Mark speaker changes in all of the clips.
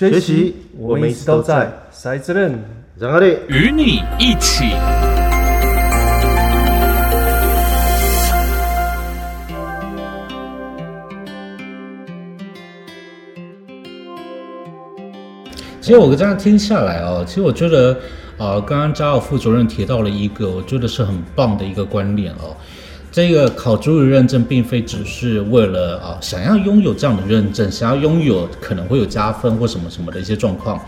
Speaker 1: 學習，學習，我們一直都在。賽之
Speaker 2: 任，張國立，語你一起。其實我剛剛聽下來啊、哦，其實我覺得啊、呃，剛剛扎爾夫副主任提到了一個，我覺得是很棒的一個觀念啊。這個考族語認證並非只是為了啊，想要擁有這樣的認證，想要擁有可能會有加分或什麼什麼的一些狀況，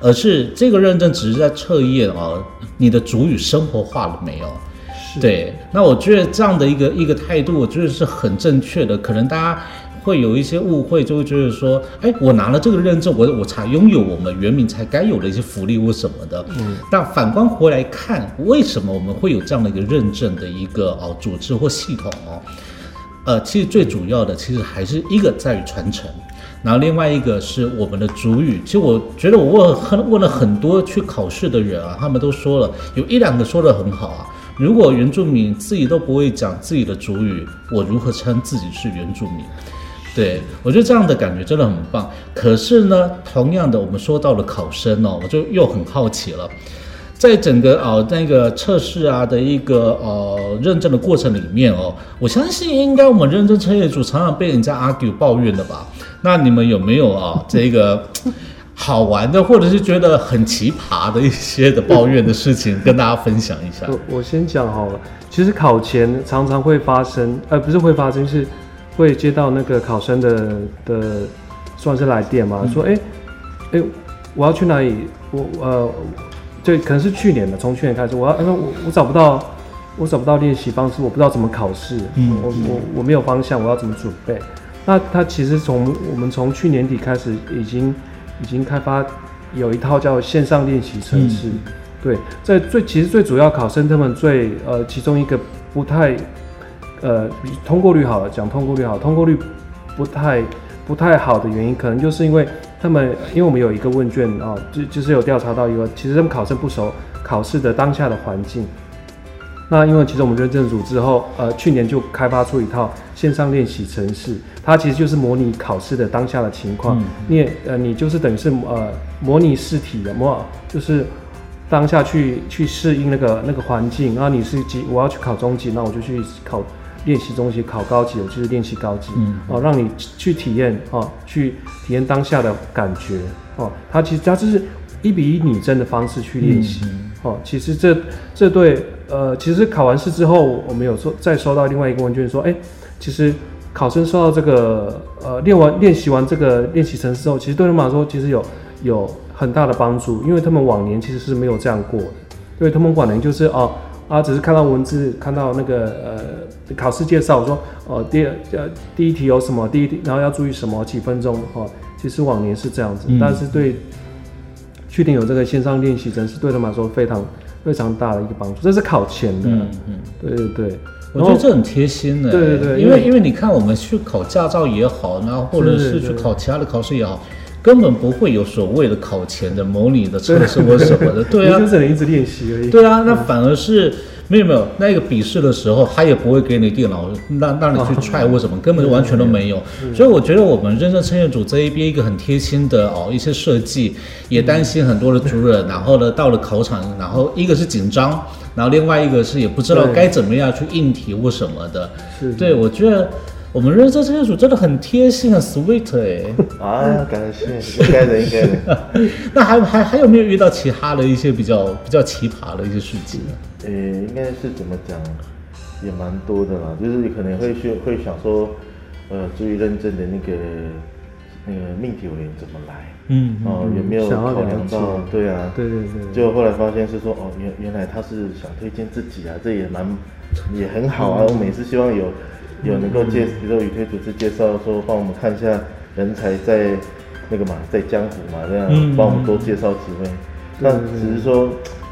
Speaker 2: 而是這個認證只是在測驗啊，你的族語生活化了沒有？是。對，那我覺得這樣的一個一個態度，我覺得是很正確的。可能大家。會有一些誤會，就會覺得說，哎，我拿了這個認證，我我才擁有我們原民才該有的一些福利或什麼的。嗯，但反觀回來看，為什麼我們會有這樣的一個認證的一個哦組織或系統哦、啊？呃，其實最主要的其實還是一個在於傳承，然後另外一個是我們的族語。其實我覺得我問很問了很多去考試的人啊，他們都說了，有一兩個說得很好啊。如果原住民自己都不會講自己的族語，我如何稱自己是原住民？對，我覺得這樣的感覺真的很棒。可是呢，同樣的，我們說到了考生哦，我就又很好奇了，在整個啊、呃、那個測試啊的一個呃認證的過程裡面哦，我相信應該我們認證車業主常常被人家 argue 抱怨的吧？那你們有沒有啊、呃、這個好玩的，或者是覺得很奇葩的一些的抱怨的事情跟大家分享
Speaker 1: 一下？我我先講好了，其實考前常常會發生，而、呃、不是會發生是。會接到那個考生的的算是來電嘛？嗯、說，哎，哎，我要去哪裡？我呃，這可能是去年的，從去年開始，我要，他我我找不到，我找不到練習方式，我不知道怎麼考試，嗯嗯、我我我沒有方向，我要怎麼準備？那他其實從我們從去年底開始，已經已經開發有一套叫線上練習測試、嗯，對，在最其實最主要考生他們最呃其中一個不太。呃，通過率好，了。講通過率好，通過率不太不太好的原因，可能就是因為他們，因為我們有一個問卷啊、哦，就就是有調查到一個，其實他們考生不熟考試的當下的環境。那因為其實我們認證組之後，呃，去年就開發出一套線上練習程式，它其實就是模擬考試的當下的情況，嗯、你也呃你就是等於是呃模擬試題的模，就是當下去去適應那個那個環境。那你是幾？我要去考中級，那我就去考，練習中級考高級，我就是練習高級嗯嗯哦，讓你去體驗哦，去體驗當下的感覺哦。它其實它就是一比一擬真的方式去練習、嗯嗯、哦。其實這這對呃，其實考完試之後，我們有收再收到另外一個問卷說，哎、欸，其實考生收到這個呃練完練習完這個練習程式之後，其實對他們來說其實有有很大的幫助，因為他們往年其實是沒有這樣過的，因為他們往年就是哦。啊，只是看到文字，看到那個呃考試介紹，說哦，第二呃第一題有什麼，第一題然後要注意什麼，幾分鐘哦。其實往年是這樣子、嗯，但是對，確定有這個線上練習，真是對他們來說非常非常大的一個幫助。這是考前的，嗯嗯、對對對，我覺得這很貼心呢、欸，對對對，因為因
Speaker 2: 為，因為你看我們去考駕照也好，然後或者是去考其他的考試也好。對對對對。根本不會有所謂的考前的模擬的測試或什麼的，對，呵呵對啊，你
Speaker 1: 就是一直練習而已。對啊，嗯、那反
Speaker 2: 而是沒有沒有，那個筆試的時候，他也不會給你電腦，讓讓你去踹或什麼，哦，根本就完全都沒有。所以我覺得我們認證測驗組這一邊一個很貼心的哦一些設計，也擔心很多的主任、嗯，然後呢到了考場，然後一個是緊張，然後另外一個是也不知道該怎麼樣去應題或什麼的，是的。對，我覺得。我們認證這些組真的很貼心、啊，很 sweet 哎、欸！啊，感謝， 應，該應該的，應該的。那還還還有沒有遇到其他的一些比較比較奇葩的一些事情
Speaker 3: 呢？呃，應該是怎麼講，也蠻多的啦。就是你可能會去會想說，呃，注意認證的那個那個命題委員怎麼來？嗯，嗯哦，有沒有考量到，到？對啊，對對對。就後來發現是說，哦，原原來他是想推薦自己啊，這也蠻也很好啊、嗯。我每次希望有。有能夠介，比如說語推主持介紹說幫我們看一下人才在那個嘛，在江湖嘛這樣，幫、嗯、我們多介紹職位。那只是說，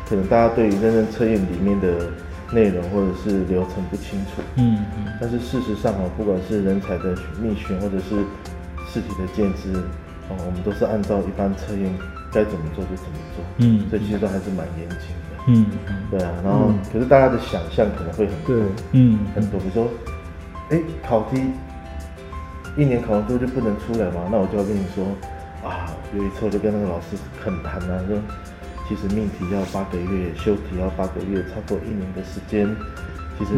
Speaker 3: 可能大家對認證測驗裡面的內容或者是流程不清楚。嗯嗯。但是事實上啊，不管是人才的秘詢或者是試題的編製，哦，我們都是按照一般測驗該怎麼做就怎麼做。嗯。所以其實還是蠻嚴謹
Speaker 2: 的。
Speaker 3: 嗯對啊，然後、嗯、可是大家的想象可能會很多、嗯。嗯。很多，比如說。哎，考題一年考完之後就不能出來嘛？那我就要跟你說，啊，有一次我就跟那個老師很談啊，說其實命題要八個月，修題要八個月，差不多一年的時間，其實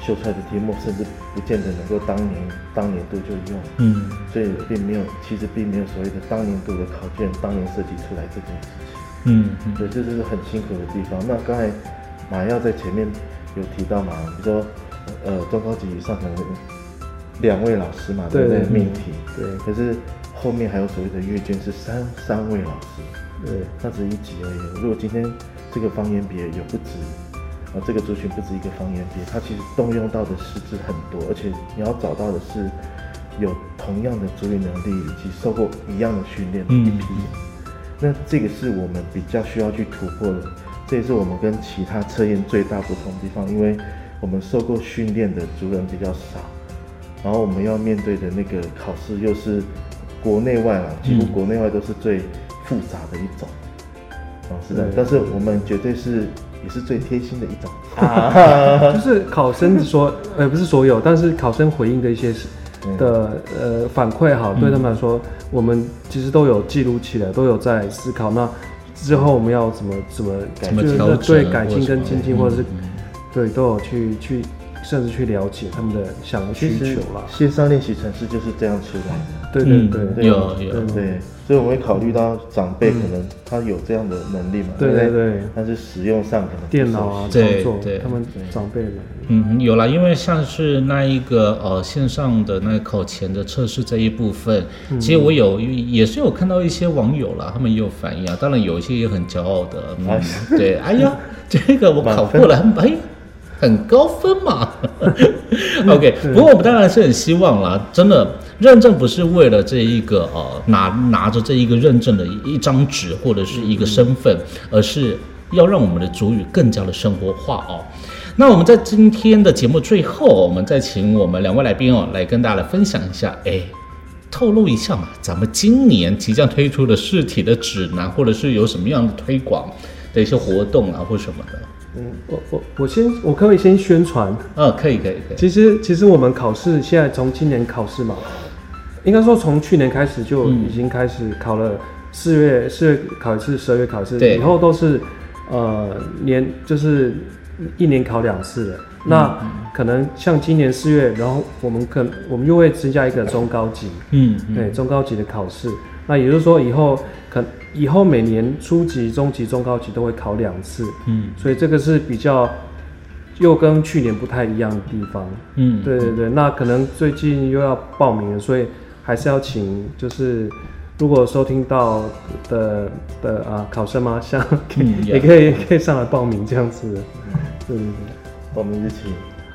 Speaker 3: 修出來的題目甚至不見得能夠當年當年度就用。嗯，所以並沒有，其實並沒有所謂的當年度的考卷當年設計出來這件事情。嗯，嗯所以就是很辛苦的地方。那剛才馬耀在前面有提到嘛，比如說。呃，中高級以上可能兩位老師嘛在命題，對。可是後面還有所謂的閱卷是三三位老師，對，對那只是一級而已。如果今天這個方言別有不止，啊、呃，這個族群不止一個方言別，它其實動用到的師資很多，而且你要找到的是有同樣的族群能力以及受過一樣的訓練的一批人，嗯，那這個是我們比較需要去突破的，這也是我們跟其他測驗最大不同的地方，因為。我們受過訓練的族人比較少，然後我們要面對的那個考試又是國內外啊，幾乎國內外都是最複雜的一種，嗯、是的、嗯。但是我們絕對是也是最貼心的一
Speaker 1: 種，嗯啊、 就是考生說，呃，不是所有， 但是考生回應的一些的、嗯、呃反饋哈，對他們來說，我們其實都有記錄起來，都有在思考、嗯，那之後我們要怎麼怎麼改，麼就是對改進跟精進，或者是。嗯嗯對，都有去去甚至去了解他們的想要需求了，線
Speaker 3: 上練習程式就是這樣出來的。對對對，嗯、對有有對，對，所以我們會考慮到長輩可能他有這樣的能力嘛，嗯、對不對，對？但是使用上可能電腦啊，對操
Speaker 2: 作對，
Speaker 1: 他們長輩們，
Speaker 2: 嗯，有了。因為像是那一個呃線上的那考前的測試這一部分，其實我有、嗯、也是有看到一些網友啦，他們也有反應啊。當然有一些也很驕傲的，啊、嗯對，哎呀， 這個我考過了，哎。很高分嘛， ，OK。不過我們當然是很希望啦、啊，真的認證不是為了這一個呃、啊、拿拿着這一個認證的一張紙或者是一個身份，而是要讓我們的族語更加的生活化哦。那我們在今天的節目最後、啊，我們再請我們兩位來賓哦來跟大家來分享一下，哎，透露一下嘛，咱們今年即將推出的試題的指南，或者是有什麼樣的推廣的一些活動啊或什麼的。
Speaker 1: 嗯，我我我先，我可，不可以先宣傳。嗯、哦，
Speaker 2: 可以可以可以。其
Speaker 1: 實其實我們考試現在，從今年考試嘛，應該說從去年開始就已經開始考了四月四、嗯、月考試，十二月考試，以後都是呃年就是一年考兩次的、嗯。那可能像今年四月，然後我們可能我們又會增加一個中高級，嗯，嗯對，中高級的考試。那也就是說以後可。以後每年初級、中級、中高級都會考兩次，嗯，所以這個是比較又跟去年不太一樣的地方，嗯，對對對。嗯、那可能最近又要報名了，所以還是要請，就是如果收聽到的的、的啊考生嗎，像、嗯、也可以、嗯也可、以嗯、可以上來報名這樣子的、嗯，對對對，報名日期。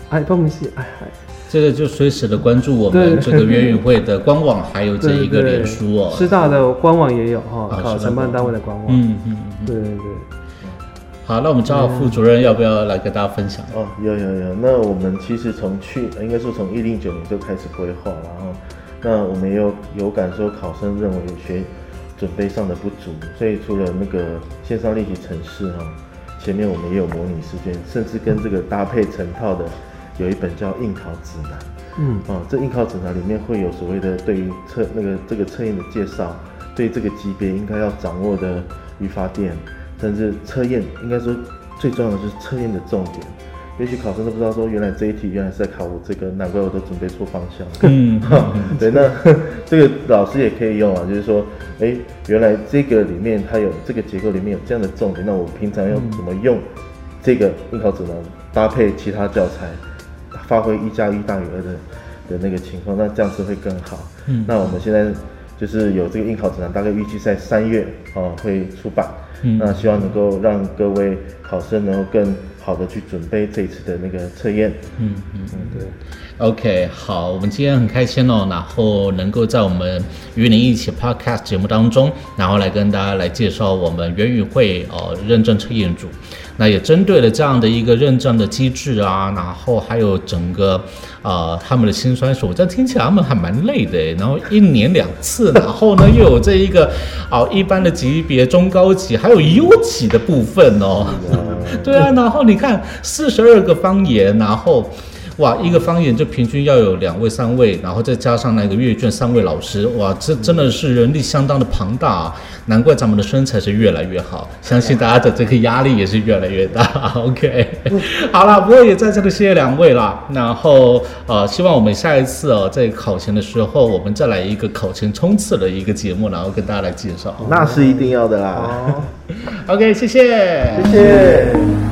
Speaker 1: 哎，報名是。哎嗨。哎這個就隨時的關注我們這個原語
Speaker 2: 會的官網，還有這一個臉書哦，師大
Speaker 1: 的官網也有哈、哦啊，考承辦單位的官網。啊、嗯嗯，嗯對
Speaker 2: 對，對好，那我們張副主任要不要來跟大家分享？、嗯嗯
Speaker 3: 嗯、哦？有有有。那我們其實從去，應該說從一零九年就開始規劃，了哈，那我們也有有感受考生認為有學準備上的不足，所以除了那個線上練習程式哈，前面我們也有模擬試卷，甚至跟這個搭配成套的。有一本叫《應考指南》，嗯，哦、啊，這應考指南裡面會有所謂的對於測那個這個測驗的介紹，對這個級別應該要掌握的語法點，甚至測驗應該說最重要的就是測驗的重點。也許考生都不知道說原來這一題原來是在考我這個，難怪我都準備錯方向嗯、啊。嗯，對，對那這個老師也可以用啊，就是說，哎、欸，原來這個裡面它有這個結構裡面有這樣的重點，那我平常要怎麼用這個應考指南搭配其他教材？發揮一加一大於二的的那個情況，那這樣子會更好。嗯，那我們現在就是有這個應考指南，大概預計在三月啊、哦、會出版。嗯，那希望能夠讓各位考生能夠更好的去
Speaker 2: 準備這一次的那個測驗。嗯嗯，嗯，對。OK，好，我們今天很開心哦。然後能夠在我們語你一起 Podcast 節目當中，然後來跟大家來介紹我們原語會哦、呃、認證測驗組。那也針對了這樣的一個認證的機制啊，然後還有整個呃他們的辛酸史。我這聽起來他們還蠻累的，然後一年兩次，然後呢又有這一個哦、呃、一般的級別、中高級，還有優級的部分哦。啊 對啊，然後你看四十二個方言，然後。哇，一個方言就平均要有兩位、三位，然後再加上那個閱卷三位老師，哇，這真的是人力相當的龐大啊！難怪咱們的身材是越來越好，相信大家的這個壓力也是越來越大。哎、OK、嗯、好了，我也在這裡謝謝兩位了。然後、呃、希望我們下一次哦，在考前的時候，我們再來一個考前衝刺的一個節目，然後跟大家來介紹、哦。那是一定要的啦。Oh. OK，謝謝，謝謝。